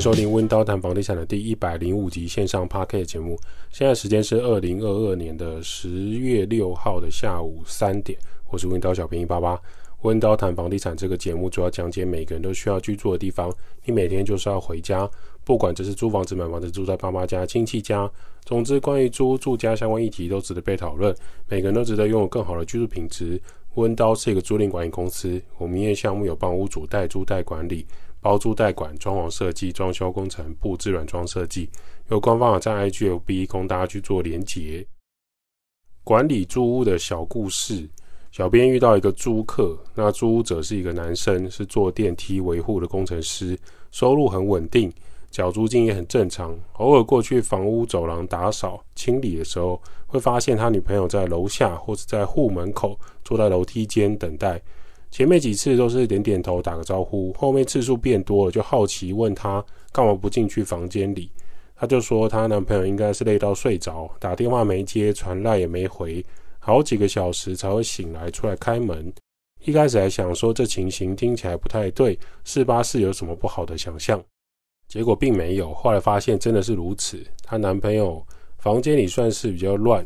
收聽溫叨談房地產的第一百零五集線上 Podcast 節目。現在時間是二零二二年的十月六號的下午三點。我是溫叨小編188。溫叨談房地產這個節目主要講解每個人都需要居住的地方。你每天就是要回家，不管這是租房子、買房子、住在爸媽家、親戚家，總之關於租住家相關議題都值得被討論。每個人都值得擁有更好的居住品質。溫叨是一個租賃管理公司，我們營業項目有幫屋主代租代管理。包租代管、裝潢設計、裝修工程、布置軟裝設計，有官方網站 IGFB 供大家去做連結。管理租屋的小故事：小編遇到一個租客，那租屋者是一個男生，是做電梯維護的工程師，收入很穩定，繳租金也很正常。偶爾過去房屋走廊打掃清理的時候，會發現他女朋友在樓下或者在戶門口，坐在樓梯間等待。前面幾次都是點點頭，打個招呼。後面次數變多了，就好奇問他幹嘛不進去房間裡。他就說，他男朋友應該是累到睡着，打電話沒接，傳賴也沒回，好幾個小時才會醒來出來開門。一開始還想說這情形聽起來不太對，四八四有什麼不好的想象？結果並沒有。後來發現真的是如此。她男朋友房間裡算是比較亂，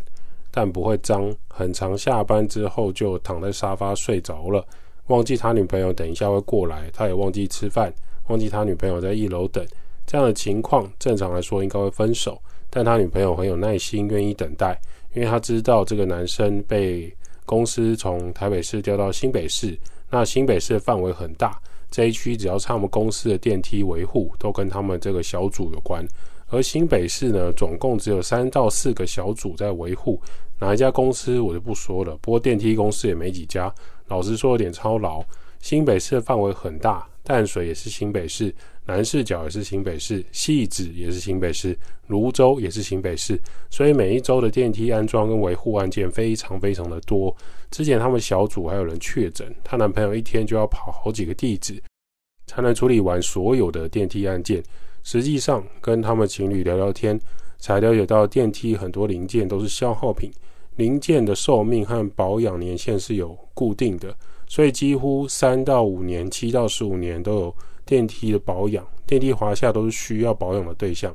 但不會髒，很常下班之後就躺在沙發睡着了。忘記他女朋友等一下會過來，他也忘記吃飯，忘記他女朋友在一樓等。這樣的情況，正常來說應該會分手，但他女朋友很有耐心，願意等待，因為他知道這個男生被公司從台北市調到新北市。那新北市的範圍很大，這一區只要他們公司的電梯維護，都跟他們這個小組有關。而新北市呢，總共只有三到四個小組在維護，哪一家公司我就不說了，不過電梯公司也沒幾家。老實說有點操勞，新北市的範圍很大，淡水也是新北市，南勢角也是新北市，汐止也是新北市，蘆洲也是新北市，所以每一周的電梯安裝跟維護案件非常非常的多。之前他們小組還有人確診，她男朋友一天就要跑好幾個地址，才能處理完所有的電梯案件。實際上跟他們情侶聊聊天，才了解到電梯很多零件都是消耗品。零件的壽命和保養年限是有固定的，所以幾乎三到五年、七到十五年都有電梯的保養。電梯華廈都是需要保養的對象，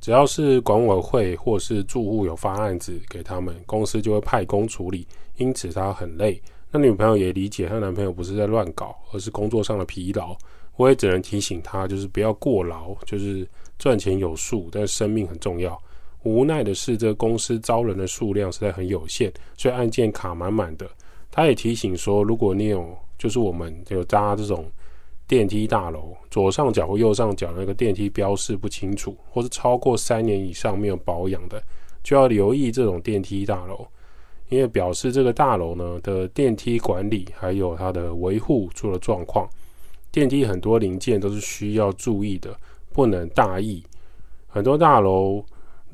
只要是管委會或是住戶有發案子給他們公司，就會派工處理。因此他很累，那女朋友也理解她男朋友不是在亂搞，而是工作上的疲勞。我也只能提醒他，就是不要過勞，就是賺錢有數，但生命很重要。無奈的是，這個、公司招人的數量實在很有限，所以案件卡滿滿的。他也提醒說，如果你有，就是我們有搭這種電梯大樓，左上角或右上角那個電梯標示不清楚，或是超過三年以上沒有保養的，就要留意這種電梯大樓，因為表示這個大樓呢的電梯管理還有它的維護出了狀況。電梯很多零件都是需要注意的，不能大意。很多大樓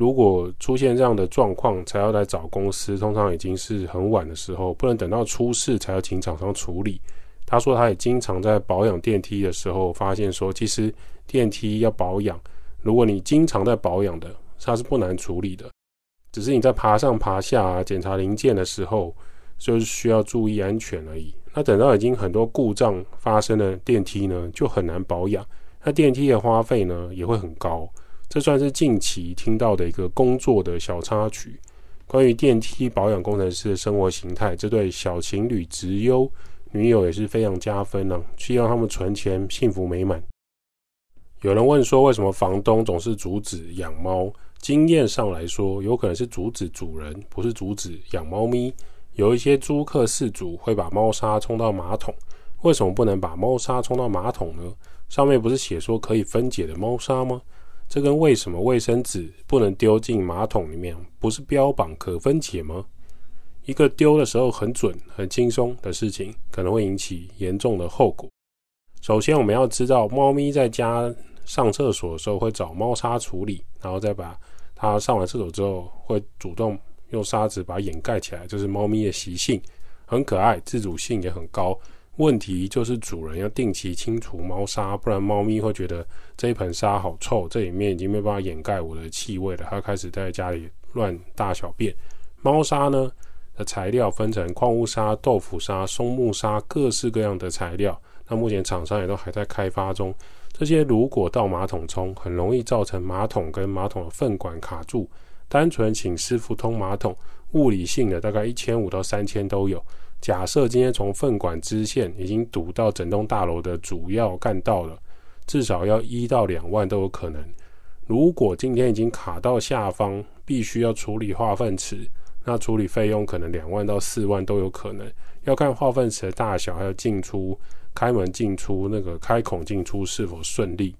如果出現這樣的狀況，才要來找公司，通常已經是很晚的時候，不能等到出事才要請廠商處理。他說，他也經常在保養電梯的時候發現說，說其實電梯要保養，如果你經常在保養的，它是不難處理的，只是你在爬上爬下啊，檢查零件的時候，就是需要注意安全而已。那等到已經很多故障發生的電梯呢，就很難保養，那電梯的花費呢，也會很高。這算是近期聽到的一個工作的小插曲，關於電梯保養工程師的生活形態。這對小情侶直優女友也是非常加分呢、啊，希望他們存錢幸福美滿。有人問說，為什麼房東總是阻止養貓？經驗上來說，有可能是阻止主人，不是阻止養貓咪。有一些租客飼主會把貓砂沖到馬桶，為什麼不能把貓砂沖到馬桶呢？上面不是寫說可以分解的貓砂嗎？這跟為什麼衛生紙不能丟進馬桶裡面，不是標榜可分解嗎？一個丟的時候很準、很輕鬆的事情，可能會引起嚴重的後果。首先，我們要知道，貓咪在家上廁所的時候會找貓砂處理，然後再把它上完廁所之後，會主動用沙子把它掩蓋起來，這是貓咪的習性，很可愛，自主性也很高。問題就是主人要定期清除貓砂，不然貓咪會覺得這一盆砂好臭，這裡面已經沒辦法掩蓋我的氣味了，它開始在家裡亂大小便。貓砂呢的材料分成礦物砂、豆腐砂、松木砂，各式各樣的材料。那目前廠商也都還在開發中。這些如果倒馬桶沖，很容易造成馬桶跟馬桶的糞管卡住。單純請師傅通馬桶，物理性的大概一千五到三千都有。假設今天從糞管支線已經堵到整棟大樓的主要幹道了，至少要一到兩萬都有可能。如果今天已經卡到下方，必須要處理化糞池，那處理費用可能兩萬到四萬都有可能，要看化糞池的大小，還有進出開門進出那個開孔進出是否順利。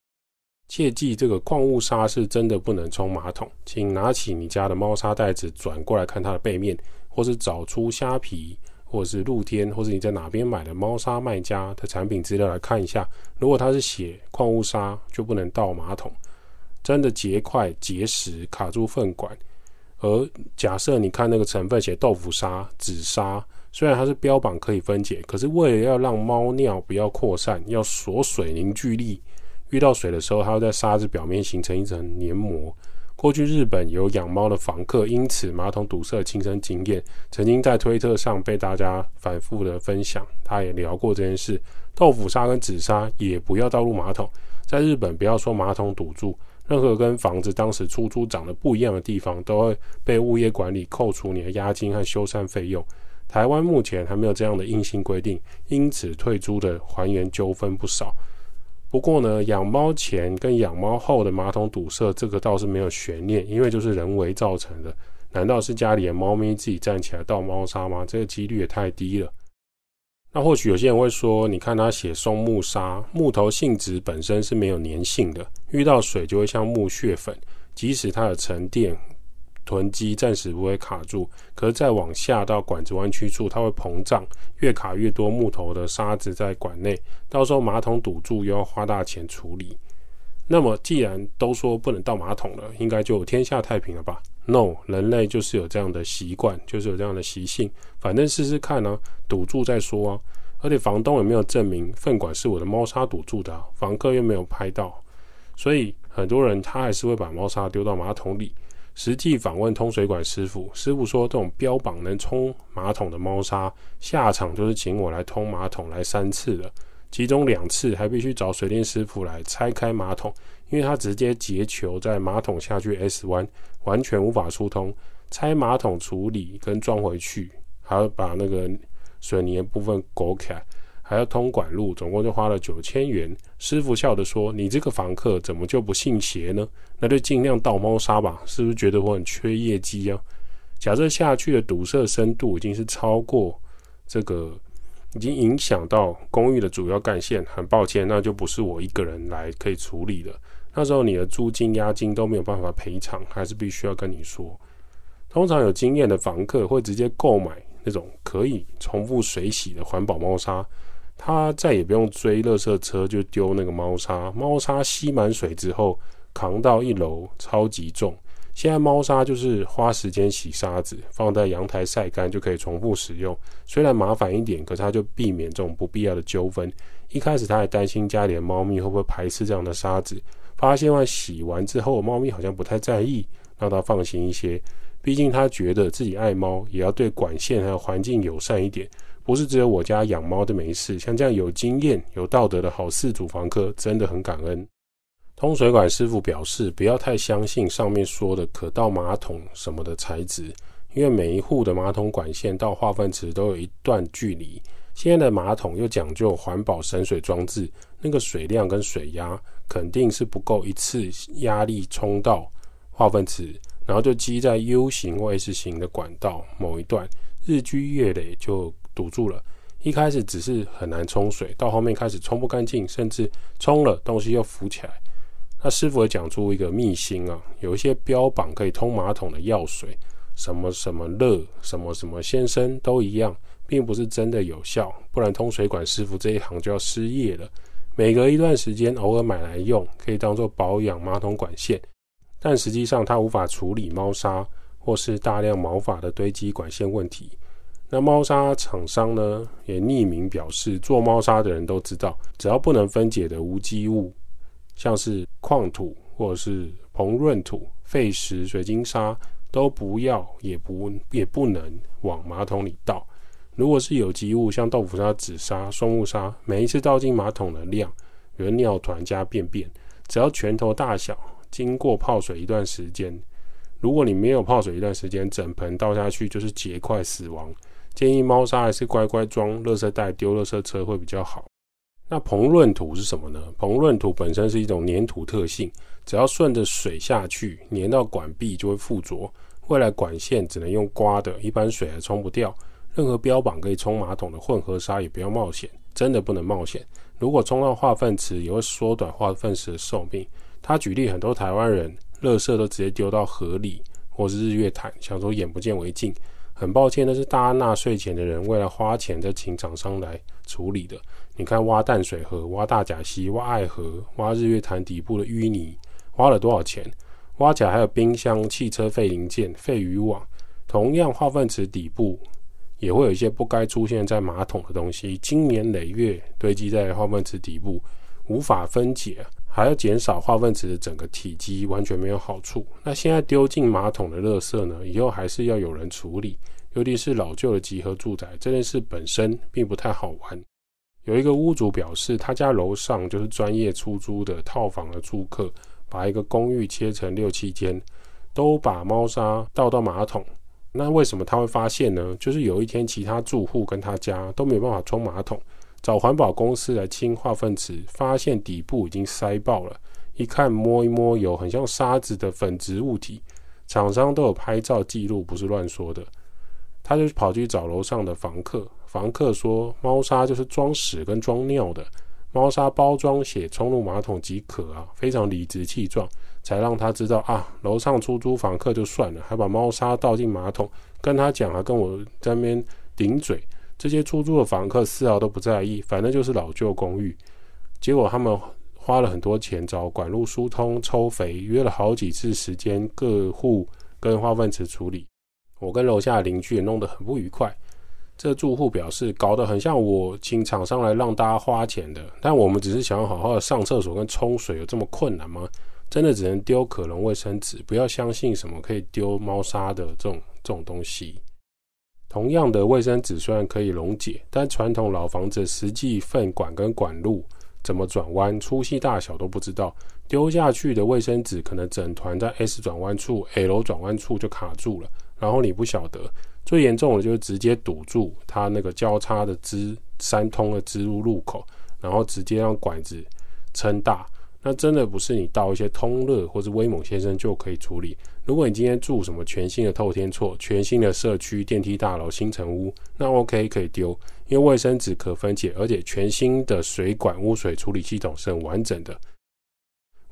切記，這個礦物砂是真的不能沖馬桶，請拿起你家的貓砂袋子轉過來看它的背面，或是找出蝦皮，或者是露天，或者你在哪邊買的貓砂，賣家的產品資料來看一下。如果它是寫礦物砂，就不能倒馬桶，真的結塊結石卡住糞管。而假設你看那個成分寫豆腐砂、紙砂，雖然它是標榜可以分解，可是為了要讓貓尿不要擴散，要鎖水凝聚力，遇到水的時候，它會在砂子表面形成一層黏膜。過去日本有養貓的房客，因此馬桶堵塞，親身經驗，曾經在推特上被大家反覆的分享。他也聊過這件事，豆腐砂跟紙砂也不要倒入馬桶。在日本，不要說馬桶堵住，任何跟房子當時出租長得不一樣的地方，都會被物業管理扣除你的押金和修繕費用。台灣目前還沒有這樣的硬性規定，因此退租的還原糾紛不少。不過呢，養貓前跟養貓後的馬桶堵塞，這個倒是沒有懸念，因為就是人為造成的。難道是家裡的貓咪自己站起來倒貓砂嗎？這個幾率也太低了。那或許有些人會說，你看他寫松木砂，木頭性質本身是沒有粘性的，遇到水就會像木屑粉，即使它有沉澱。囤積暫時不會卡住，可是再往下到管子彎曲處，它會膨脹，越卡越多木頭的沙子在管內，到時候馬桶堵住又要花大錢處理。那麼既然都說不能倒馬桶了，應該就天下太平了吧？No，人類就是有這樣的習慣，就是有這樣的習性，反正試試看呢，啊，堵住再說啊。而且房東也沒有證明糞管是我的貓砂堵住的啊，房客又沒有拍到，所以很多人他還是會把貓砂丟到馬桶裡。實際訪問通水管師傅，師傅說這種標榜能沖馬桶的貓砂，下場就是請我來通馬桶來三次了，其中兩次還必須找水電師傅來拆開馬桶，因為它直接結球在馬桶下去 S 彎，完全無法疏通，拆馬桶處理跟裝回去，還要把那個水泥的部分勾開。還要通管路，總共就花了九千元。師傅笑着說：“你這個房客怎麼就不信邪呢？那就儘量倒貓砂吧。”是不是覺得我很缺業績啊？假設下去的堵塞深度已經是超過這個，已經影響到公寓的主要幹線。很抱歉，那就不是我一個人來可以處理的。那時候你的租金押金都沒有辦法賠償，還是必須要跟你說。通常有經驗的房客會直接購買那種可以重複水洗的環保貓砂。他再也不用追垃圾車，就丟那個貓砂。貓砂吸滿水之後，扛到一樓超級重。現在貓砂就是花時間洗沙子，放在陽台曬乾就可以重複使用。雖然麻煩一點，可是他就避免這種不必要的糾紛。一開始他還擔心家裡的貓咪會不會排斥這樣的沙子，發現外洗完之後，貓咪好像不太在意，讓他放心一些。畢竟他覺得自己愛貓，也要對管線還有環境友善一點。不是只有我家養貓的沒事，像這樣有經驗、有道德的好事主房客真的很感恩。通水管師傅表示，不要太相信上面說的可倒馬桶什麼的材質，因為每一戶的馬桶管線到化糞池都有一段距離。現在的馬桶又講究環保省水裝置，那個水量跟水壓肯定是不夠一次壓力沖到化糞池，然後就積在 U 型或 S 型的管道某一段，日積月累就堵住了，一開始只是很難沖水，到後面開始沖不乾淨，甚至沖了東西又浮起來。那師傅也講出一個秘辛啊，有一些標榜可以通馬桶的藥水，什麼什麼樂，什麼什麼先生都一樣，並不是真的有效，不然通水管師傅這一行就要失業了。每隔一段時間偶爾買來用，可以當做保養馬桶管線，但實際上它無法處理貓砂或是大量毛髮的堆積管線問題。那貓砂廠商呢？也匿名表示，做貓砂的人都知道，只要不能分解的無機物，像是礦土或者是膨潤土、沸石、水晶砂，都不要，也不也不能往馬桶裡倒。如果是有機物，像豆腐砂、紫砂、松木砂，每一次倒進馬桶的量，比如尿團加便便，只要拳頭大小，經過泡水一段時間。如果你沒有泡水一段時間，整盆倒下去就是結塊死亡。建議貓砂還是乖乖裝，垃圾袋丟垃圾車會比較好。那膨潤土是什麼呢？膨潤土本身是一種黏土特性，只要順着水下去，黏到管壁就會附着。未來管線只能用刮的，一般水還衝不掉。任何標榜可以衝馬桶的混合砂也不要冒險，真的不能冒險。如果衝到化糞池，也會縮短化糞池的壽命。他舉例很多台灣人，垃圾都直接丟到河裡或是日月潭，想說眼不見為淨。很抱歉，那是大家納稅錢的人為了花錢在請廠商來處理的。你看，挖淡水河、挖大甲溪、挖愛河、挖日月潭底部的淤泥，挖了多少錢？挖甲還有冰箱、汽車廢零件、廢漁網，同樣化糞池底部也會有一些不該出現在馬桶的東西，經年累月堆積在化糞池底部，無法分解。還要減少化糞池的整個體積，完全沒有好處。那現在丟進馬桶的垃圾呢？以後還是要有人處理，尤其是老舊的集合住宅，這件事本身並不太好玩。有一個屋主表示，他家樓上就是專業出租的套房的住客，把一個公寓切成六七間，都把貓砂倒到馬桶。那為什麼他會發現呢？就是有一天其他住戶跟他家都沒有辦法沖馬桶。找環保公司來清化糞池，發現底部已經塞爆了。一看，摸一摸，有很像沙子的粉質物體。廠商都有拍照記錄，不是亂說的。他就跑去找樓上的房客，房客說貓砂就是裝屎跟裝尿的，貓砂包裝寫沖入馬桶即可啊，非常理直氣壯，才讓他知道啊，樓上出租房客就算了，還把貓砂倒進馬桶，跟他講啊，還跟我在那邊頂嘴。這些出租的房客絲毫都不在意，反正就是老舊公寓。結果他們花了很多錢找管路疏通、抽肥，約了好幾次時間，各戶跟化糞池處理。我跟樓下的鄰居也弄得很不愉快。這個住戶表示，搞得很像我請廠商來讓大家花錢的，但我們只是想要好好的上廁所跟沖水，有這麼困難嗎？真的只能丟可溶衛生紙，不要相信什麼可以丟貓砂的這種這種東西。同樣的衛生紙雖然可以溶解，但傳統老房子實際糞管跟管路怎麼轉彎、粗細大小都不知道，丟下去的衛生紙可能整團在 S 轉彎處、L 轉彎處就卡住了，然後你不曉得。最嚴重的就是直接堵住它那個交叉的支三通的支路入、入口，然後直接讓管子撐大。那真的不是你到一些通樂或者威猛先生就可以處理。如果你今天住什麼全新的透天厝、全新的社區電梯大樓、新成屋，那 OK 可以丟，因為衛生紙可分解，而且全新的水管污水處理系統是很完整的，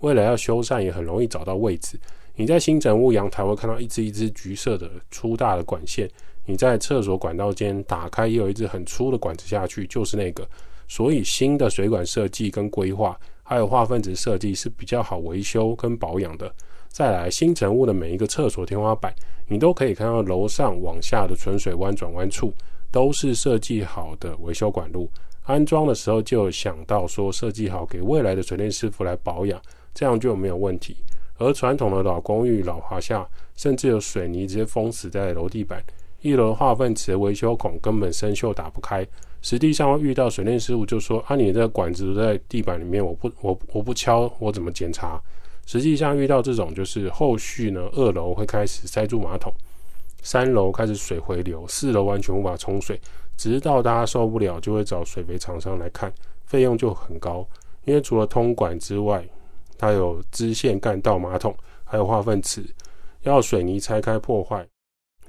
未來要修繕也很容易找到位置。你在新成屋陽台會看到一支一支橘色的粗大的管線，你在廁所管道間打開也有一支很粗的管子下去，就是那個。所以新的水管設計跟規劃。還有化糞池設計是比較好維修跟保養的。再來，新成屋的每一個廁所天花板，你都可以看到樓上往下的存水彎轉彎處，都是設計好的維修管路。安裝的時候就想到說設計好給未來的水電師傅來保養，這樣就沒有問題。而傳統的老公寓老華廈，甚至有水泥直接封死在樓地板，一樓化糞池維修孔根本生鏽打不開。實際上會遇到水電師傅就說啊，你這個管子在地板裡面，我不，我我不敲，我怎麼檢查？實際上遇到這種，就是後續呢，二樓會開始塞住馬桶，三樓開始水回流，四樓完全無法沖水，直到大家受不了，就會找水肥廠商來看，費用就很高，因為除了通管之外，它有支線、幹道、馬桶，還有化糞池，要水泥拆開破壞。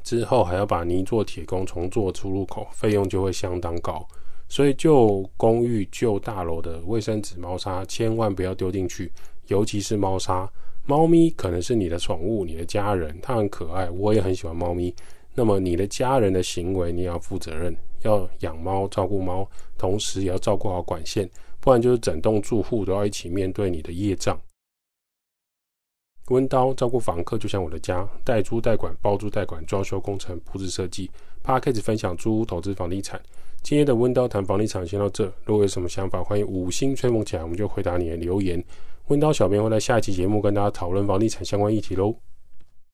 之後還要把泥做鐵工重做出入口，費用就會相當高。所以舊公寓、舊大樓的衛生紙、貓砂千萬不要丟進去，尤其是貓砂。貓咪可能是你的寵物、你的家人，它很可愛，我也很喜歡貓咪。那麼你的家人的行為，你要負責任，要養貓、照顧貓，同時也要照顧好管線，不然就是整棟住戶都要一起面對你的業障。溫叨照顧房客就像我的家，代租代管、包租代管、裝修工程、佈置設計。Podcast 分享租屋投資房地產。今天的溫叨談房地產先到這，如果有什麼想法，歡迎五星吹捧起來，我們就回答你的留言。溫叨小編會在下一期節目跟大家討論房地產相關議題嘍。